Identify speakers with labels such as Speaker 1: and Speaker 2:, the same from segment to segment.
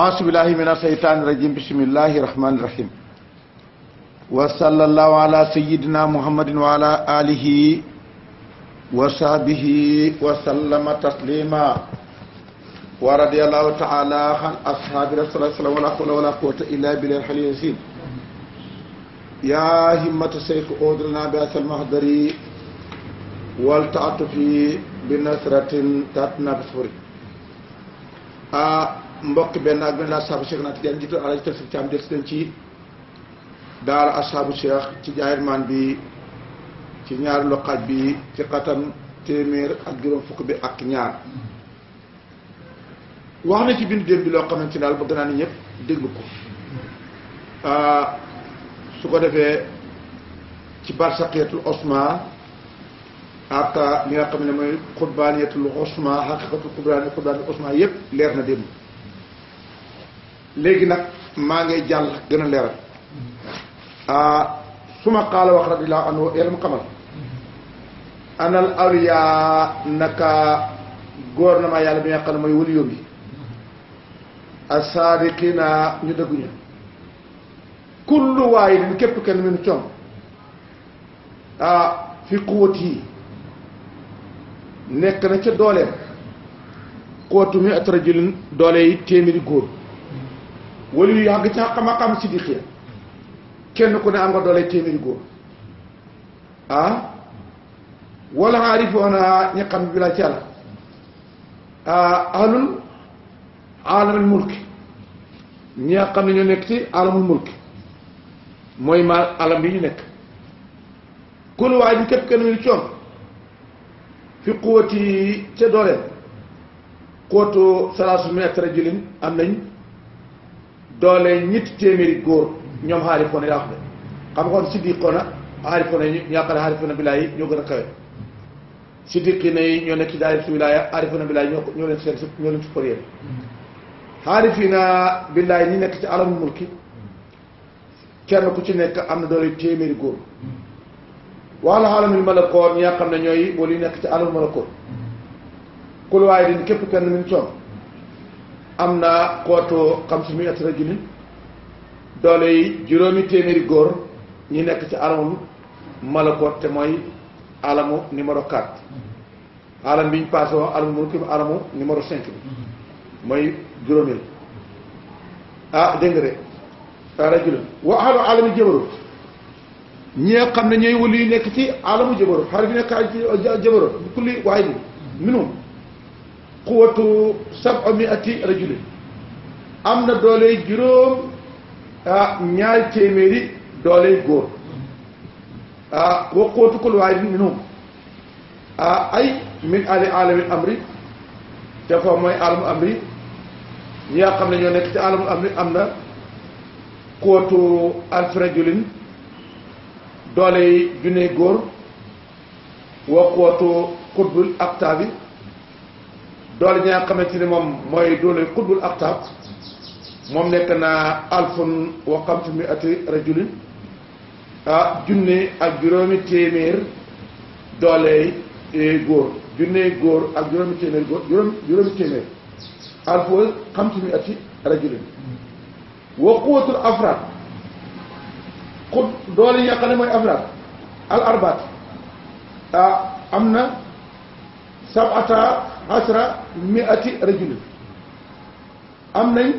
Speaker 1: أعوذ بالله من الشيطان الرجيم بسم الله الرحمن الرحيم وصلى الله على سيدنا محمد وعلى آله وصحبه وسلم تسليما ورضي الله تعالى عن أصحاب رسول الله صلى الله عليه وسلم ولا قوة إلا بالله الحلي اليسير يا همة الشيخ أودرنا بأس المهدري والتعطف بنصرة تتنبسر آه mbokk benn ak benn asaabu cheikh naa tijaan jiitu alaaj tafsir caam del si nañ ci daara ci jaayir maan bi ci ñaari loxaaj bi ci xatam téeméer ak juróom fukk bi ak ñaar wax na ci bindu démb bi loo xamante daal bëgg naa ni ñëpp dégg ko ah, su ko defee ci barsaqiyatul osma ak li nga xam ne mooy xutbaaniyatul osma xaqiqatul xutbaaniyatul osma yëpp leer na démb léegi nag maa ngay jàll gën a leeral ah su ma xaala wax radiyallahu anhu yàlla mu xamal anal awliyaa naka góor na ma yàlla bi nga xam ne mooy wëli yóbbi asaadiqina ñu dëgguñu kullu waaye din képp kenn minu coom ah fi quwat yi nekk na ca dooleem quwatu mi at rajulin doole yi téeméeri góor wala yu yàgg ci xam-xam si di xëy kenn ku ne am nga doole téeméeri góor ah wala aarifoona ñi xam bi la ci yàlla ahlul alamul mulki ñi xam ne ñoo nekk ci alamul mulki mooy ma alam bi ñu nekk kon waaye ñu képp kenn ñu coon fi quwati ca dooleem quwatu salaasu min ak am nañ doole ñetti téeméeri góor ñoom xaarifoona yaa ko de xam nga kon siddiqoona xaarifoona yi ñu yaakaar xaarifoona billaay yi ñoo gën a kawe siddiqina yi ñoo nekk ci daari su wilaaya xaarifoona billaay ñoo ñoo leen seen ñoo leen supérieur xaarifiina billaay ñi nekk ci alamul mulki kenn ku ci nekk am na doole téeméeri góor wala alamul malakoot ñi nga xam na ñooy wala yu nekk ci alamul malakoot kul waaye din képp kenn min coon am na kootu xam si muy atara julin doole yi juróomi téeméeri góor ñi nekk ci alamul malakoot te mooy alamu numéro 4 alam bi ñu passé woon alamu mulki alamu numéro 5 bi mooy juróomi ah dégg nga de ah, rajulun wa ahlu alami jabarut ñi xam ne ñooy wëlu yi nekk ci alamu jabarut xar bi nekk ci jabarut bu kulli waaye bi minum quwatu saba miati rajulin am na dooley juróom ah ñaari téeméeri dooley góor ah wa quwatu kul waahidin minhum ay min ali alamil amri dafa mooy alamu amri ñi nga xam ne ñoo nekk ci alamu amri am na quwatu alfi rajulin dooley junne góor wa quwatu qutbul aqtaabi doole ñi nga ci ni moom mooy doole xutbul aktaab moom nekk na alfun wa xamsu miati rajulin ah junne ak juróomi téeméer doole e, góor junne góor ak juróomi téeméer góor juróomi téeméer alfu wa xamsu miati rajulin wa quwatul afraad xut doole yi xam ne mooy afraad al am na sabata asra miati rajulin am nañ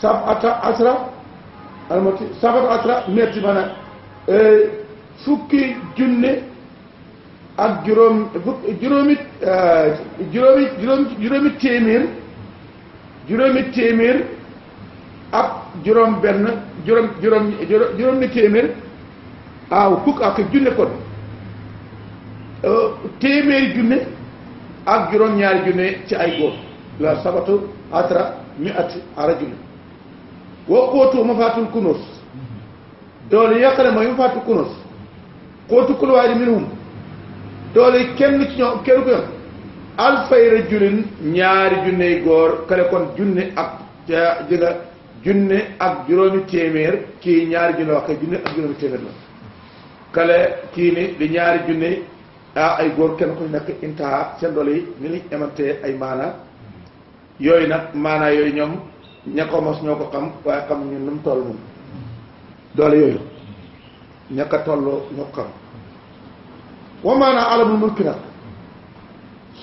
Speaker 1: sabata asra almati sabata asra miati maanaam fukki junne ak juróom juróomi juróomi juróomi téeméer juróomi téeméer ak juróom benn juróom juróom juróom ni téeméer waaw fukk ak junne kon Euh, téeméeri junne ak juróom-ñaari junne ci ay góor la sabatu atra mi at arajuli woo kootu ma faatul kunoos doole yàqale mooy ma faatul kunoos kootu kulwaay di minimum doole kenn ci ñoom kenn ku ñoom alfay rajulin ñaari junney góor kale kon junne ak jënga junne ak juróomi téeméer ak juróomi téeméer la kii ni ñaari junne a ah, ay goor kenn ku nekk inta, seen doole yi ni liñ emantee ay mana yooyu nag mana yooyu ñoom ña ko mos ñoo ko xam waaye xam ñu num toll moom doole yooyu ña toll ñoo xam wa maana alamul mulk nag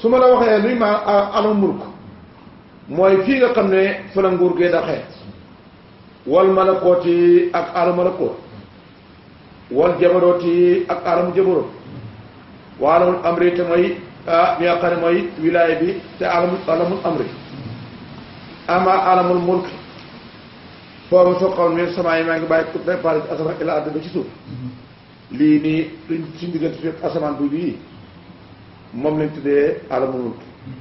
Speaker 1: su la waxee luy ma alamul mulk mooy fii nga xam ne fa la nguur gee daxee wal malakoti ak alam wal jabarooti ak alam jabaroot waalamul amri te mooy li wilaaya bi te alamul alamul amri ama alamul mulk foofu soo xaw ne sama yi maa ngi bàyyi ko asamaan ila àdd ba
Speaker 2: mm-hmm.
Speaker 1: lii nii luñ suñ diggante fekk asamaan bu bii moom lañ tuddee alamul mulk mm-hmm.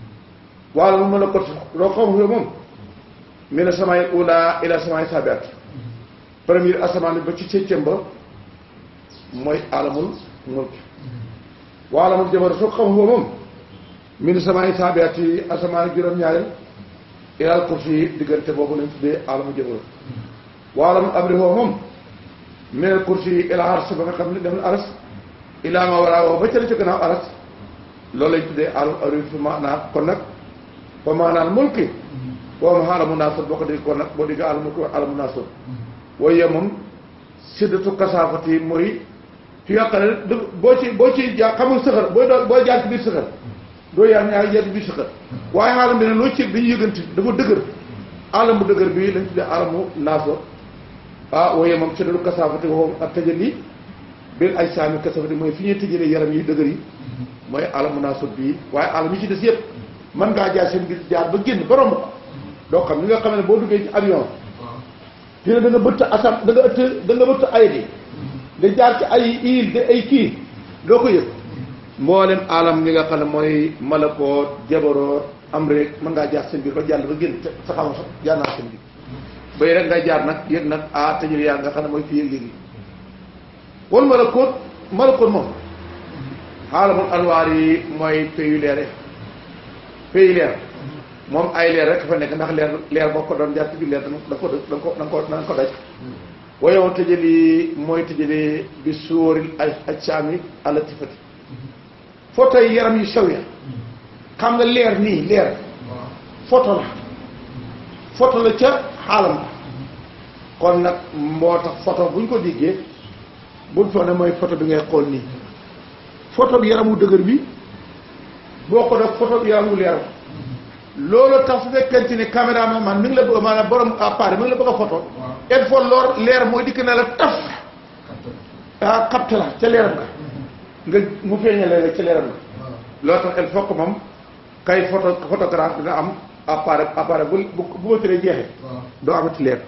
Speaker 1: waalamul mën a kot loo xaw ma moom mi ne samay ula ila samay sabiat mm-hmm. premier asamaan bi ba ci septième ba mooy alamul mulk waalo moom jabar soo xam foofu moom min samaay taabiyaat yi asamaan juróom-ñaareel ilal kursi diggante boobu lañ tuddee alamu jabar waala mu abri foofu moom minal kursi yi ila ars ba nga xam ne dem na aras ilaa ma war a woo ba cële ca gannaaw aras loolu lañ tuddee alam abri kon nag fa maanaam mulki boo ma alamu naasut boo ko dégg kon nag boo dégg alamu alamu naasut waaye moom siddatu kasaafati mooy ci yoo xam boo ci boo ci ja xamul sëxër booy doon booy jaar ci biir sëxër doo yaa ñaar jaar ci biir sëxër waaye xaalam bi ne loo ci dañuy yëganti dafa dëgër alamu dëgër bi lañ tuddee alamu naaso ah waaye moom ci dalu kasaafati waxoom ak tëjali biir ay saami kasaafati mooy fi ñuy tëjalee yaram yi dëgër yi mooy alamu naaso bii waaye alam yi ci des yëpp mën ngaa jaar seen biir jaar ba génn ba romb ko doo xam li nga xam ne boo duggee ci avion dina da nga bëtt da nga ëtt da nga da jaar ci ay iil de ay kii doo ko yëg mboolem alam mi nga xam ne mooy malakoot jabaroor am rek mën ngaa jaar seen biir ba jàll ba génn sa xam nag yëg nag a ah, tajur yaa nga xam ne mooy fi yëg yi kon malakoot malakoot moom xaalamul anwaar yi mooy payu leere payu leer moom ay leer rek fa nekk ndax leer leer boo ko doon jaar ci leer dana ko da nga ko ko da ko daj wayow tëjali mooy tëjali bi sóoril ay ajsaami alatifati photo yi yaram yu sew ya xam nga leer nii leer photo la photo la ca xaalam la kon nag moo tax photo buñ ko déggee buñ foog ne mooy photo bi ngay xool nii photo bi yaramu dëgër bi boo ko def photo bi yaramu leer loolu tax su fekkente ni caméraman man mi la bëgg maanaam borom appareil mi ngi la bëgg a photo il faut lor leer mooy dikk na la taf ah xapt la ca leeram nga mm-hmm. nga mu feeñale rek ca leeram nga loolu tax il faut que moom kay photo photographe dina am appareil appareil bu bu bu bëtiree jeexee doo amati leer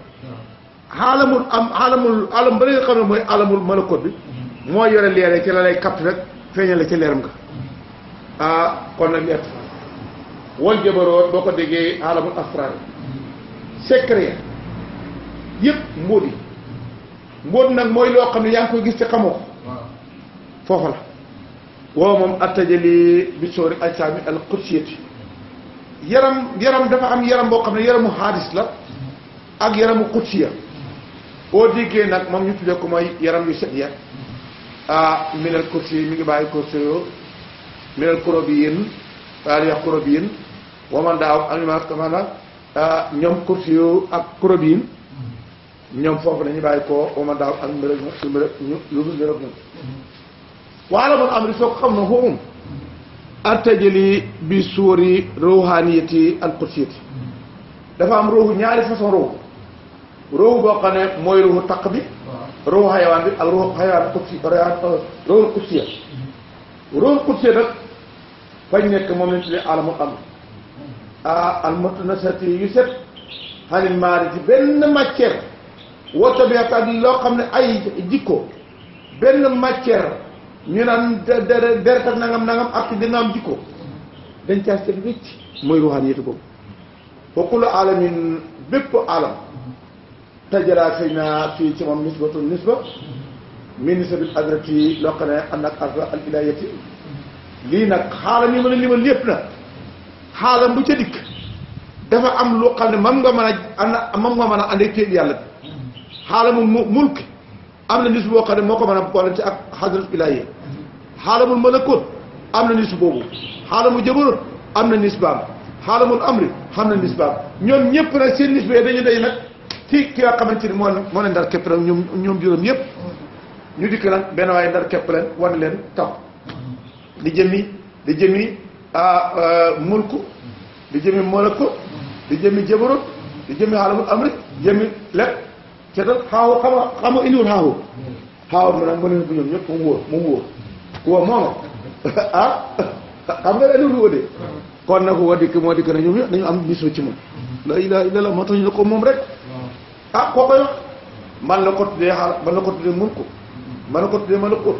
Speaker 1: xaalamul am xaalamul alam ba nga xam ne mooy alamul malakot bi mm-hmm. moo yore leeree ci la lay capte rek feeñale ca leeram nga mm-hmm. ah kon nag leer wal jabaroot boo ko déggee alamul asrar secret yëpp mbóot yi mbóot nag mooy loo xam ne yaa ngi koy gis te xamoo foofu la woo moom attajali bi soori ajsaami al qudsiyati yaram yaram dafa am yaram boo xam ne yaramu hadis la ak mu qudsiya boo déggee nag moom ñu tuddee ko mooy yaram yu set ya ah minal kursi mi ngi bàyyi kursi yoo minal korobiyin daal ya korobiyin waman daaw aliment maanaam ñoom kursi yu ak kurobin ñoom foofu dañuy bàyyi koo waman daaw ak mbir ah, ak mbir ak ñu yóbbu am ri soo ko xam na xuum artajali bi suuri ruuxaaniyati al qudsiyati dafa am ruuxu ñaari façon ruuxu ruuxu boo xam ne mooy ruuxu taq bi ruuxu xayawaan bi ak ruuxu xayawaan qudsi ruuxu qudsiya ruuxu fañ nekk moom lañ alamul amri ah almutanasati yu set xanit maari ci benn matière wa tabiat ak loo xam ne ay jikko benn matière ñu naan deret ak nangam nangam ak dina am jikko dañ caa set wécc mooy ruhaniyatu boobu wa kullu alamin bépp alam tajara fay naa fii nisbatu nisba min nisabil adrati loo xam ne al ilahiyati lii nag xaaral ñu mën a na xaalam bu ca dikk dafa am loo xam ne mam nga mën a ana mam nga mën a ànd ak téeb yàlla bi xaalamul mu mulk am na nisu boo xam ne moo ko mën a boole ci ak xadrat ilaahi xaalamul malakut am na nisu boobu mu jabarut am na nisbaam xaalamul amri xam na nisbaam ñoom ñëpp nag seen nisba yi dañu day nag ci ki nga xamante ni moo moo leen ndar képp ñoom ñoom juróom yëpp ñu dikk nag benn waaye ndar képp leen wan leen taw jëmmi di jëmmi E, mulku di jëmi moloko di jëmi jabarut di jëmi xaalamul amri jëmi lépp ca dal xaawu xama xama indiwul xaawu xaawu mu nag mu bu ñoom ñëpp mu wóor mu wóor ku woo mooma ah xam nga indiwul wóor de kon nag woo dikk moo dikk na ñoom ñëpp dañu am mission ci moom la ilaha illa allah moo tax ñu ko moom rek ah koo man la ko man la ko man la ko man la ko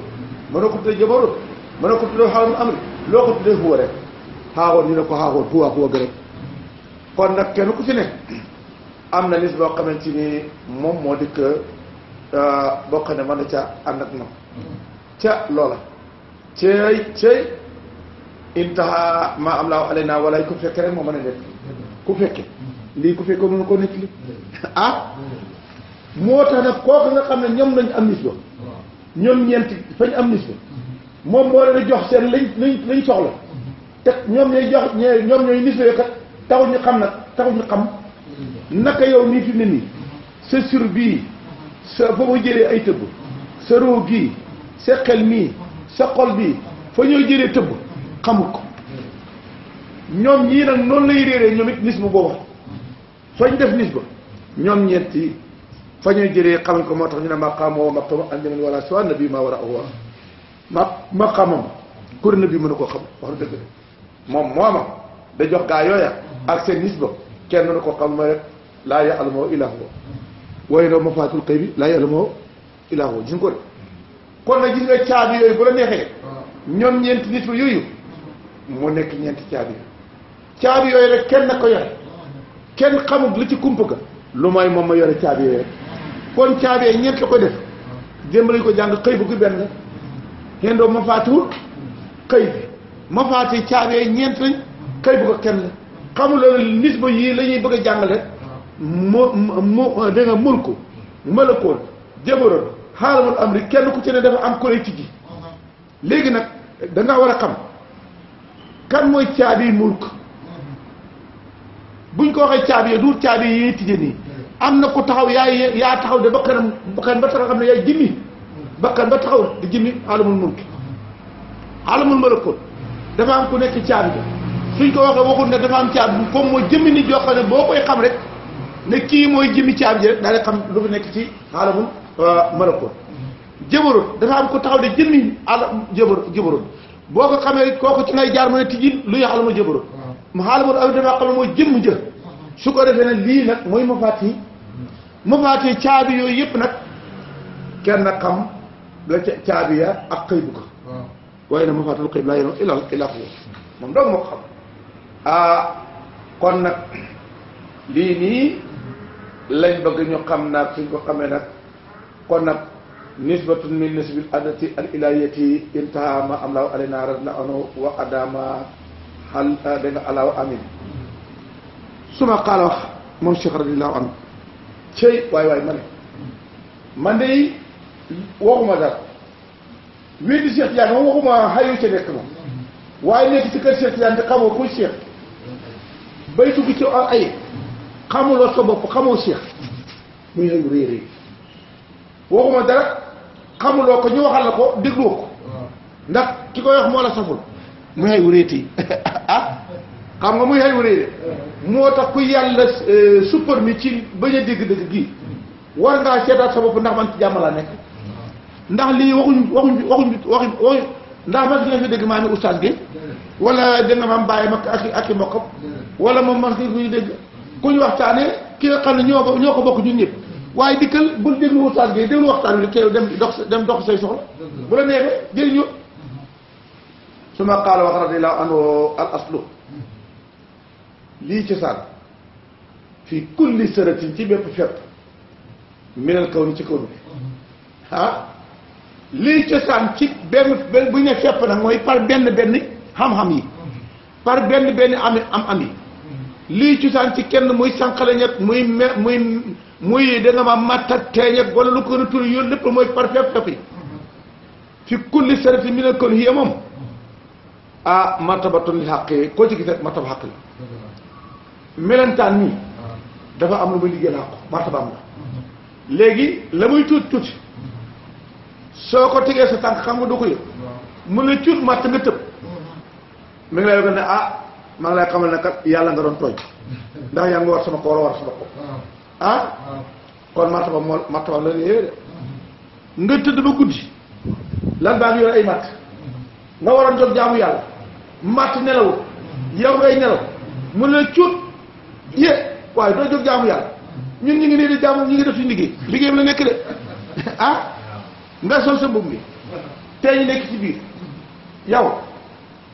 Speaker 1: man la ko tuddee xaalamul amri loo ko tuddee huwa rek xaaxoon ñu ne ko xaaxoon huwa huwa gi rek kon nag kenn ku ci ne am na lis boo xamante ni moom moo dikk euh, bokk ne mën na ca ànd ak moom ca loola cey cey intaha ma am laaw alay naa wala ku fekke rek moo mën a nekk ku fekke lii ku fekke mënu ko nekk li ah moo tax nag kooku nga xam ne ñoom lañu am lis ba ñoom ñeenti fañ am lis ba moom moo leen jox seen liñ liñ liñ soxla te ñoom ñooy jox ñooy ñoom ñooy nisle kat taxul ñu xam nag taxul xam naka yow nii fi mu ne nii sa sur bii sa fa mu jëlee ay tëbb sa roo gii sa xel mii sa xol bii fa ñoo jëlee tëbb xamul ko ñoom ñii nag noonu lay réeree ñoom it nisbu boobu fañ def nisba ñoom ñetti fa ñoo jëlee xamuñ ko moo tax ñu ne ma xamoo ma xamu an jaman wala soo nabi maa war a ma ma xamam kuréel bi mën a koo xam wax dëgg moom mooma da jox gaa yooya ak seen nisba kenn mën a koo xam mooy rek laa ya'lamu illaa huwa waaye nag mafaatul xaybi laa ya'lamu illaa huwa gis nga ko de kon nag gis nga caabi bu la neexee ñoom ñeenti nit ba yooyu mu nekk ñeenti caabi yooyu rek kenn na ko yore kenn xamut lu ci kumpa ga lu may moom ma yore caabi yooyu rek kon caabi yooyu ñeent la ko def démb ko jàng xëy bu gu benn hendoo mafaatihul kay bi mafaati caabi ñeent lañ kay bu ko kenn la xamuloon nisba yii la bëgg a jàngale mo mo da nga mul ko malakoon jabaroon xaalamul kenn ku ci ne dafa am collectif ji léegi nag da war a xam kan mooy caabi mulk buñ ko waxee caabi du caabi yi tije nii am na ku taxaw yaay yaa taxaw de ba kanam ba tax xam ne yaay jimmi bakkan ba taxaw na di jëmmi alamul mulki alamul malakut dafa am ku nekk caabi ba suñ ko waxee waxul na dafa am caabi bu comme mooy jëmmi nit yoo xam boo koy xam rek ne kii mooy jëmmi caabi ji rek daal di xam nekk ci alamul euh, malakut jëbarut dafa am ku taxaw di jëmmi ala jëbar jëbarut boo ko xamee kooku ci ngay jaar mën a tijji luy alamul jëbarut mu alamul aw dafa xam ne mooy jëmm jë su ko defee nag lii nag mooy mafaat yi caabi yooyu yëpp nag kenn xam la caabi ya ak xëy bu ko waaye nag mafatal xëy laa yéen ilal ilaahu moom dong moo ko xam ah kon nag lii nii lañ bëgg ñu xam naag suñ ko xamee nag kon nag nisbatun min nisbil adati al ilahiyati intaha ma am laaw alayna radna anu wa adama xal ah, da nga alaaw amin suma xaala wax moom cheikh radiallahu anhu cey waay waay man de waxuma dara wéedu Cheikh Tidiane moom waxuma xayu ca nekk moom waaye nekk ci kër Cheikh Tidiane te xamoo kuy Cheikh bay dugg ci ay xamuloo sa bopp xamoo Cheikh muy nag réy réy ko ñu waxal la ki koy wax moo ah, xam nga muy xayu réete moo tax ku yàlla euh, suppar mi ci bañ a dégg dëgg gii war ngaa seetaat sa bopp ndax man ci jàmm nekk ndax li waxuñ waxuñ waxuñ waxuñ waxuñ ndax mas nga fi dégg maa ni oustaz gi wala dégg nga maam bàyyi ma ak ak i mbokkam wala moom mas nga fi dégg ku ñu ki nga xam ne ñoo ko ñoo ko bokk ñun ñëpp waaye dikkal bul déglu oustaz gi déglu waxtaan wi teew dem dox dem dox say soxla bu la neexee jëriñu suma wax radiallahu anhu al aslu lii ci saan fii kulli sëratin ci bépp ni ci kaw bi lii cosaan ci benn benn bu ñu ne fépp nag mooy par benn benn xam-xam yi par benn benn am am am yi lii cosaan ci kenn muy sànqaleñet muy me muy muy da nga ma matta teeñet wala lu ko gën a tur yooyu lépp mooy par fépp fépp yi fi kulli sarfi mi ne kon hiya moom ah martabatun li xàq yi koo ci gis rek martaba xàq la melentaan nii dafa am lu muy liggéey làqu martaba am la léegi la muy tuuti tuuti soo ko tegee sa tànk xam nga doo ko yëg mu ne cuut màtt nga tëb mi ngi lay wax ne ah maa ngi lay xamal ne kat yàlla nga doon tooñ ndax yaa ngi war sama ko war a war ko ah kon martaba moo martaba la mm-hmm. nga tëdd ba guddi lan baa ngi yor ay matt mm-hmm. yàlla matt nelawul mm-hmm. yow ngay nelaw mu ne cuut yé waaye doo jóg jaamu yàlla ñun ñu ngi nii di jaamu ñu ngi def suñu liggéey liggéeyam la nekk de ah nga sol sa mbubb mi tey ñu nekk ci biir yow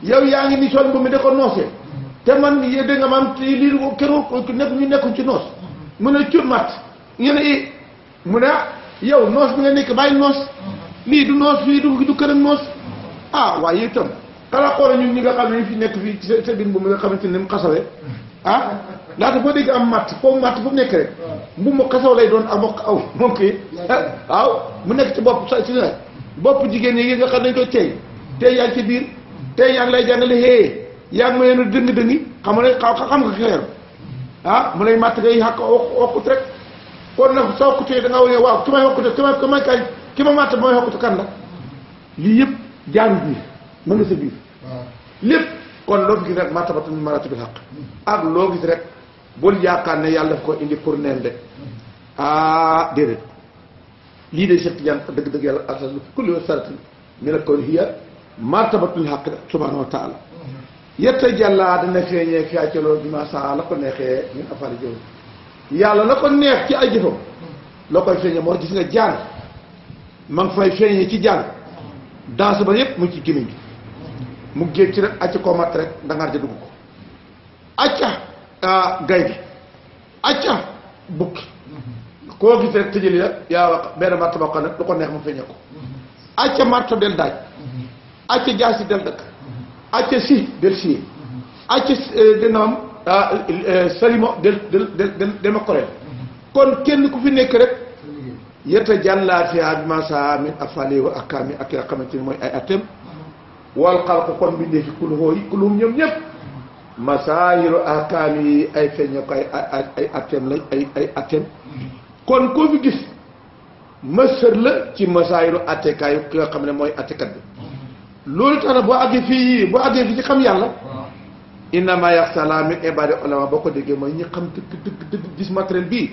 Speaker 1: yow yaa ngi ni sol mbubb mi da ko noosee te man yéen da nga maam te lii keroog nekk ñu nekk ci noos mu ne cur mat ñu ne i mu ne ah, yow noos bi nga nekk bàyyi noos lii du noos lii du du kër ak noos ah waaye itam xanaa xoolal ñun ñi nga xam ne ñu fi nekk fii ci sa sa biir mbubb mi nga xamante ni mu xasawee ah laata boo dégg am matt foofu matt bu nekk rek ah. mbu mu xasaw lay doon ak mokk aw moom yi ah, waaw mu nekk ci bopp sa si ne bopp jigéen ñi nga xam dañ koy tey tey yaa ngi ci biir tey yaa ngi lay jàngale hee yaa ngi ma yeenu dëng xam nga xaw xam nga xeer ah mu lay matt ngay xàq wokkut rek kon nag da nga wane waaw ki may wokkute ki may ki may kañ ki ma matt ba may wokkute kan la lii yëpp jàng biir mën nga sa biir ah. lépp kon loo fi gis rek martabatun min maratibil ak loo gis rek bul yaakaar ne yàlla daf ko indi pour neen de ah déedéet lii de Cheikh Tidiane dëgg dëgg yàlla asas lu kulli wa sarati mi la kon hiya martabatun fi acaloo bi ma saa la ko neexee min afari jow yàlla la ko neex ci ay jëfam la koy feeñee moo gis nga jaan ma fay feeñee ci jaan daas ba yëpp mu ci gémmiñ gi mu géej ci nag acca koo matt rek dangaar ja dugg ko acca ah, gaynde acca bukki koo gis rek tëjëli la yaa wax benn marto boo ne lu ko neex mu feeñee ko acca marto del daaj acca eh, ah, eh, kon kenn ku fi nekk rek yetta jàllaat fi abimaasa min afali wa akami ak yaa xamante ni mooy ay atem wal xalqu kon bindee fi kulluhoo yi kulluhum ñoom ñëpp masaayilu ahkaam yi ay feeñoo ko ay ay ay atteem lañ ay ay atteem kon koo fi gis mësër la ci masaayilu attekaayu ki nga xam ne mooy attekat bi loolu tax na boo àggee fii boo àggee fii ci xam yàlla innama yaxsa laa min ibaadi boo ko déggee mooy ñi xam dëgg dëgg dëgg gis matériel bii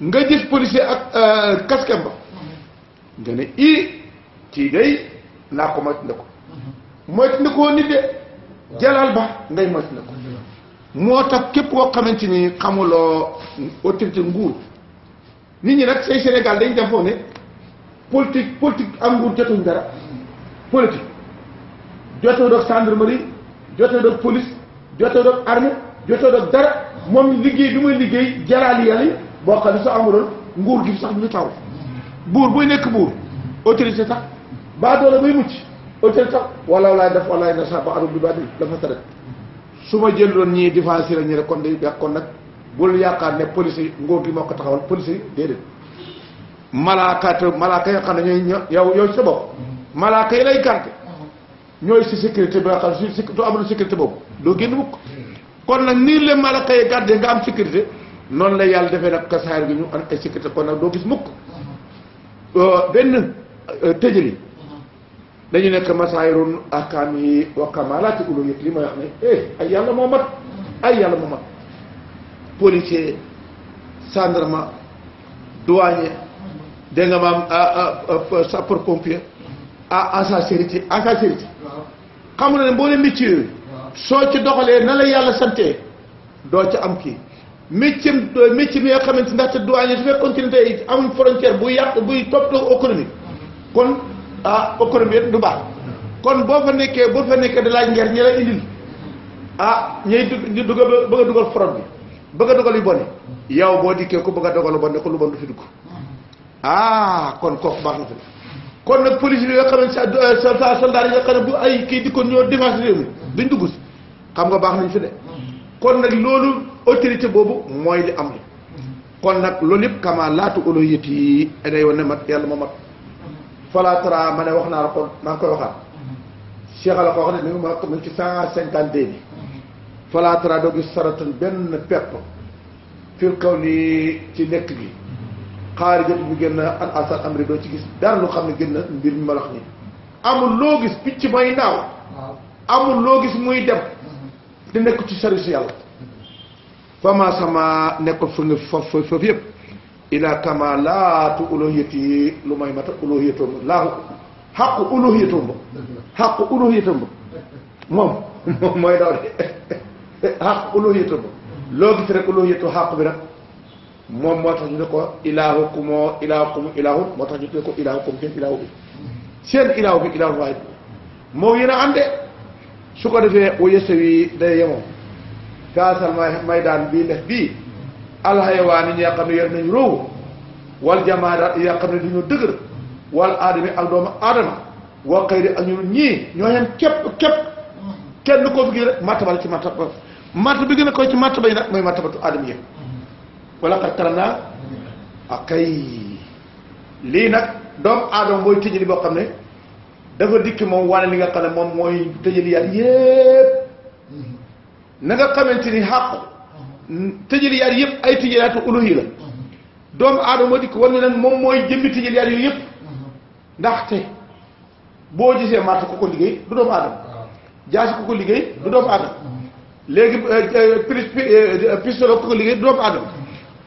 Speaker 1: nga gis policier ak euh, casque ba nga ne i kii naa ko moytu ne ko moytu na koo nit de jalal ba ngay moytu na ko moo tax képp koo xamante ni xamuloo autorité nguur nit ñi nag say Sénégal dañ dem foofu ne politique politique am nguur jotuñ dara politique jotoo doog gendarmerie jotoo doog police jotoo doog armée jotoo doog dara moom liggéey bi may liggéey jalaali yàlla boo xam ne sa amuloon nguur gi sax ñu taw buur buy nekk buur autorité sax baa doole bay mucc autorité wala walaay def walaay na saba arum bi ba di dafa tere su ma jëloon ñii défense la ñu ne kon day kon nag bul yaakaar ne police yi nguur gi moo ko taxawal police yi déedéet malaakaat malaaka yoo xam ne ñooy yow yow sa bopp malaaka yi lay gànte ñooy si sécurité bi nga xam si du amul sécurité boobu doo génn kon nag nii la malaaka yi gàddee nga am sécurité noonu la yàlla defee nag kasaar gi ñu am ay sécurité kon nag doo gis mukk euh, benn euh, tëjëli dañu nekk masaayirun ahkaam yi wa kamalaati uluhiyat li mooy wax ne eh ay yàlla moo mat ay yàlla moo mat policier gendarme douanier dégg nga maam sapeur pompier ah en sa en sa sécurité xam nga ne boo leen métier yooyu soo ci doxalee na la yàlla santee doo ci am kii métier métier bi nga xamante ndaxte douanier su fekkoon ci ne tey amuñ frontière bu yàq buy toppatoo économique mm-hmm. kon ah économie bi du ba kon bo fa nekké bo fa nekké da laaj njariñ ñi la indil ah ñuy du bëgg a dugal fraude bi bëgg a dugal yu bonni yaw bo dikkee ko bëgg a dugal ko lu bon du fi dugg ah kon ko ba nga kon nak police yi nga xamé sa sa soldat yi nga xamé bu ay ki dikkoon ñoo défense réew mi duñ dugg ci xam nga baax nañ fi dé kon nak lolu autorité bobu moy li am kon nak lolu kama latu uluyati yët day wane mat mat Fala Tra ma ne wax naa la ko maa ngi koy waxaat Cheikh la ko wax ne mi ngi ma mi ngi ci cent cinquante deux bi Fala Tra doo gis saratan benn pepp fil kaw ni ci nekk gi xaari jot bu génn an asar amri doo ci gis dara lu xam ne génn mbir mi ma wax nii amul loo gis picc mooy naaw amul loo gis muy dem di nekk ci service yàlla fama sama nekk fa nga fa foofu yëpp ila kamalaatu uluhiyatihi lu may mata uluhiyatoom laahu xaqu uluhiyatoom ba xaqu uluhiyatoom ba moom moom mooy daw de xaqu uluhiyatoom ba loo gis rek uluhiyatu xaq bi nag moom moo tax ñu ne ko ilaahukumoo ilaahukum ilaahun moo tax ñu ne ko ilaahukum seen ilaahu bi seen ilaahu bi ilaahu waahid moo yéen a am de su ko defee wa yëstawi day yemoo gaasal may may daan bii def bii alxayawaan yi ñi nga xam ne yor wal jamaadaat yi nga xam ne duñu dëgër wal aadami ak doomu aadama wa xëy ak ñu ñii ñooñam képp képp kenn koo fi rek martaba ci martaba martaba bi gën a koy ci martaba yi nag mooy martabatu aadama yi wala xat karam naa akay ah lii nag doomu aadama mooy tëjali boo xam ne dafa dikk moom wane li nga xam ne moom mooy tëjali yàlla yépp na nga xamante ni xàqu tëjëliyaat yëpp ay tëjëliyaatu uluhi la doomu moo dikk war ñu leen moom mooy jëmbi tëjëliyaat yooyu yëpp ndaxte boo gisee marto ku ko liggéey du doomu aadama ko liggéey du doomu aadama léegi euh, euh, euh, ku ko liggéey du doomu aadama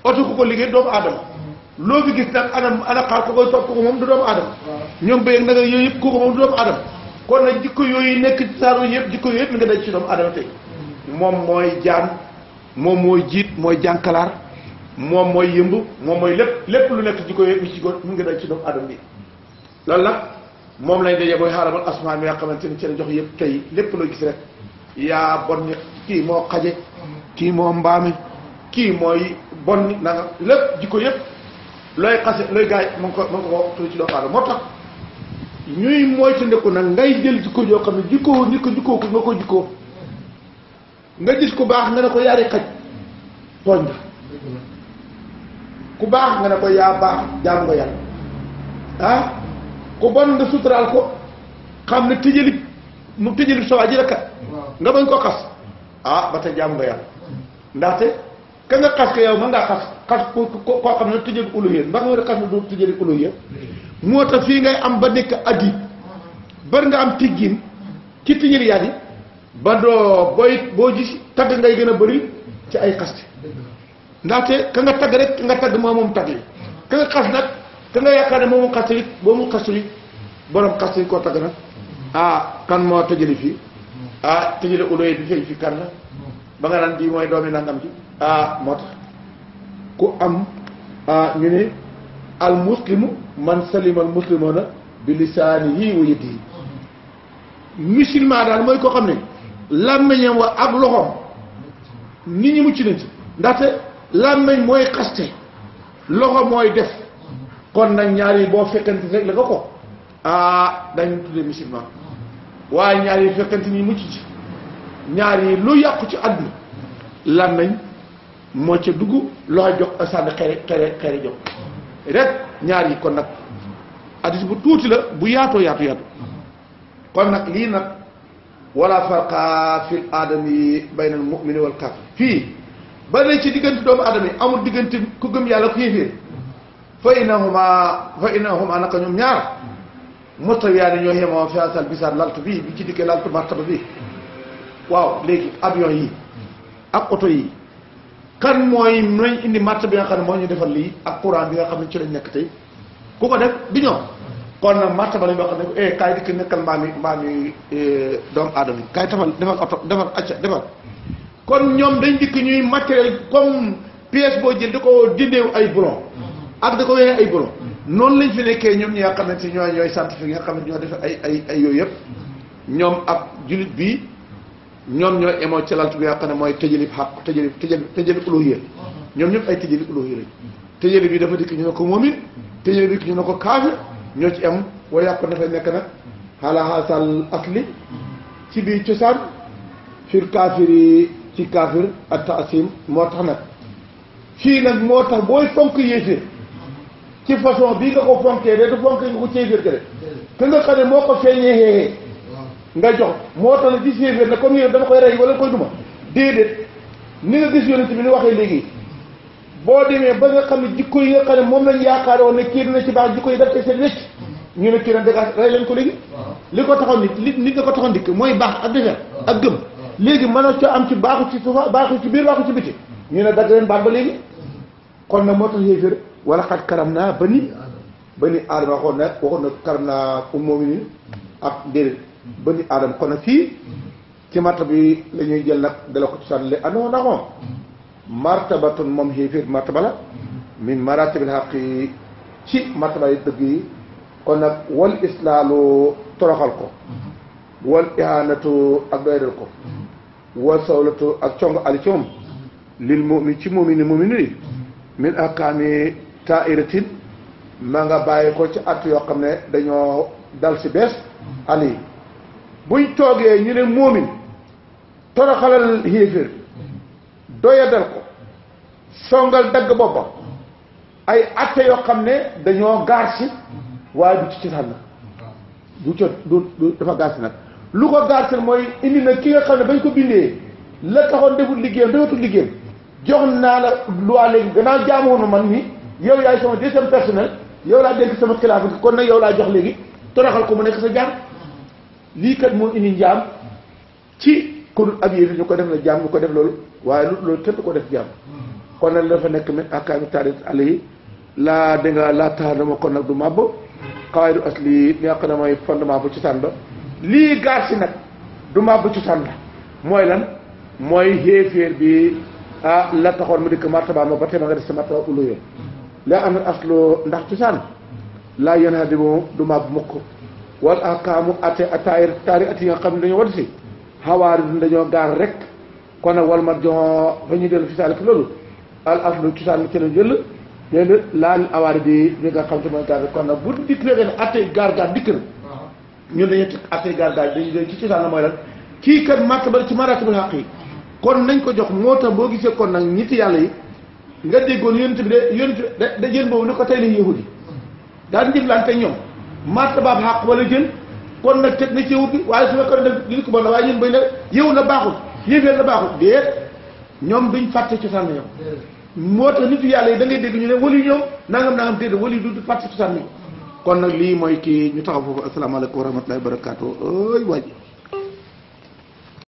Speaker 1: oto ku ko liggéey du doomu aadama loo fi gis nag anam ana xaar ku koy topp ko moom du doomu aadama ñoom béyeg nag yooyu yëpp kooku moom du doomu aadama kon nag jikko yooyu nekk ci saaro yëpp jikko yooyu yëpp mi nga daj ci doomu aadama moom mooy jaan moom mooy jiit mooy jànkalaar moom mooy yëmb moom mooy lépp lépp lu nekk jikko yëpp ci góor mu ngi dal ci doomu aadama bi loolu nag moom lañ daje booy xaaramal asmaan mi nga xamante ni ci la jox yëpp tey lépp loo gis rek yaa bon ni kii moo xaje kii moo mbaame kii mooy bon ni nanga lépp jikko yëpp looy xase looy gaay mu ngi ko mu ngi ko tudd ci doomu aadama moo tax ñuy moytandiku nag ngay jël jikko joo xam ne jikkoo nit ko jikkoo ko nga ko jikkoo nga gis ku baax nga ne ko yaari xaj tooñ nga ku baax nga ne ko yaa baax jaam nga yàlla ah? ku bon nga suturaal ko xam ne tijjali mu tijjali soo aji la nga bañ ko xas ah ba tey jaam nga yàlla ndaxte ka nga xas ko yow mën ngaa xas xas ko xam ne tijjali uluhiyya ndax nga xas ne du tijjali uluhiyya moo tax fii ngay am ba nekk adib bari nga am tiggin ci tijjali yaa ba booy boo gis tagg ngay gën a bëri ci ay xaste ndaxte ka nga tagg rek ka nga tagg moo moom tagg yi ka nga xas nag ka nga yaakaar ne moomu xaste it moomu xaste it borom xaste yi koo tagg nag ah, kan moo tëjali ah, fii kan la ba nga naan di mooy doomi nangam ci ah, moo tax ku am ñu ne al muslimu man salima al muslimuna bi lisaanihi wa yadihi musulman daal mooy koo xam ne làmmiñam wa ak loxoom nit ñi mucc nañ ci ndaxte làmmiñ mooy xaste loxo mooy def kon nag ñaar yi boo fekkante rek la ko ah dañ tuddee musulman waaye ñaar yi fekkante ni mucc ci ñaar yi lu yàqu ci àdduna làmmiñ moo ca dugg loxo jox sànni xere xere xere jox rek ñaar yi kon nag addis bu tuuti la bu yaatoo yaatu yaatu kon nag lii nag wala farqa fil aadami bayna al mumini wal kafir fii bari ne ci diggante doomu aadama yi amul diggante ku gëm yàlla ku yéeféer fa innahuma fa innahuma naka ñoom ñaar mustawiyaani ñoo yemoo fiasal bisaar laltu bii bi ci dikkee laltu martaba bi waaw léegi yoon yi ak oto yi kan mooy nooy indi martaba bi nga xam ne moo ñu defal lii ak courant bi nga xam ne ci lañ nekk tey ku ko def di ñoom kon nag martaba la ñu wax ne ko eh kaay dikk nekkal maam yi maam yi eh, doomu aadama yi kaay tafal defal oto defal acca defal kon ñoom dañ dikk ñuy matériel comme pièce boo jël di ko dindeew ay boulon ak di ko wéyee ay boulon noonu lañ fi nekkee ñoom ñi nga xamante ñooy ñooy scientifique yi nga xamante ñoo def yooyu yëpp ñoom ak julit bi ñoom ñooy émoo ci lalt bi nga mooy ne mooy tëjëlib xaq tëjëlib tëjëlib tëjëlib uluhiyya ñoom ñëpp ay tëjëlib uluhiyya lañ tëjëlib bi dafa dikk ñu ne ko moomin tëjëlib bi ñu ne ko kaafir ñoo ci am wa yàqu dafay nekk nag xaalaa xaasal asli ci biir cosaan fir kaafir yi ci kaafir ak taasim moo tax nag fii nag moo tax booy fonk yéefir ci façon bii nga ko fonkee de du fonkee nga ko céefir de te nga xam moo ko feeñee xeexee nga jox moo tax nag gis yéefir nag comme yow dama koy rey wala koy duma déedéet ni nga gis yonent bi ni waxee léegi boo demee ba nga xam ne jikko yi nga xam ne moom lañ yaakaaroon ne kii dina ci baax jikko yi daf ci seen wécc ñu ne kii na dëgg rey leen ko léegi uh-huh. li ko taxoon nit li nit nga ko taxoon dikk mooy baax ak defar ak gëm uh-huh. léegi mën a co am ci baaxu ci suufa baaxu ci biir baaxu ci biti ñu ne dagg leen baax ba léegi kon nag moo tax yéefér wala xat karam naa ba ni ba ni aadama waxoon na waxoon na karam naa umoomi ni ak déedéet ba ni aadama kon nag fii ci marta bi lañuy ñuy jël nag dala ko ci sànni le andoo ah naxoon martabatun moom xiifiir martaba la min maratibil xaqi ci martaba yi dëgg yi kon nag wal islaalu toroxal ko wal ihanatu ak doydal ko wal sawlatu ak cong ali ci moom lil mumin ci mumini mumini yi min akaami tairatin ma nga bàyyi ko ci at yoo xam ne dañoo dal si bees ali buñ toogee ñu ne moomin toroxalal xiifiir doyadal ko songal dagg boppam ay atte yoo xam ne dañoo gaar si waaye du ci cosaan nag du co du dafa gaar si nag lu ko gaar si mooy indi nag ki nga xam ne bañ ko bindee la taxoon defut liggéeyam defatul liggéeyam jox naa la loi léegi gannaaw jaamoon na man ni yow yaay sama deuxième personnel yow laa dénk sama xilaafa kon nag yow laa jox léegi toroxal ko mu nekk sa jaar lii kat moo indi njaam ci ku dul ab yéen ñu ko def na jàmm ñu ko def loolu waaye lu loolu kenn du ko def jàmm kon nag dafa nekk min akaami taarif àll yi laa da nga laa taxa dama kon nag du màbb xawaay du li nga ne mooy bu cosaan la lii gaar si nag du màbb cosaan la mooy mooy xéeféer bi ah mu dikk martaba ma ba tey ma nga def laa am na asloo ndax cosaan laa yenn di du màbb mukk wal akaamu ate at taari at yi nga xam ne dañoo war si xawaari dun dañoo gaar rek kon nag wal mat joxoo ba ñuy dellu fi saalik loolu al aslu cosaan ci la jël léegi laal awaari bi li nga xam te mooy gaar rek kon nag bu déclaré ne attey gaar gaar dikk na
Speaker 2: uh-huh.
Speaker 1: ñun dañuy attey gaar gaar dañuy dañ ci cosaan la mooy lan kii ci maratibul xaq kon nañ ko jox moo tax boo gisee kon nag ñitti yàlla yi nga déggoon yonent bi de yonent da da jën boobu ni ko tey la yahudi daan jëflante ñoom martabaab xaq wala jën kon nag teg na ci wut bi waaye su fekkoon def li ko bon baaxul yëfeel la baaxul déet ñoom duñ fàtte cosaan ñoom moo tax nitu yàlla da ngay dégg ñu ne wali ñoom nangam nangam déedéet wali du fàtte cosaan kon nag lii mooy kii ñu taxaw foofu asalaamaaleykum wa rahmatullahi wa barakaatu ay waaj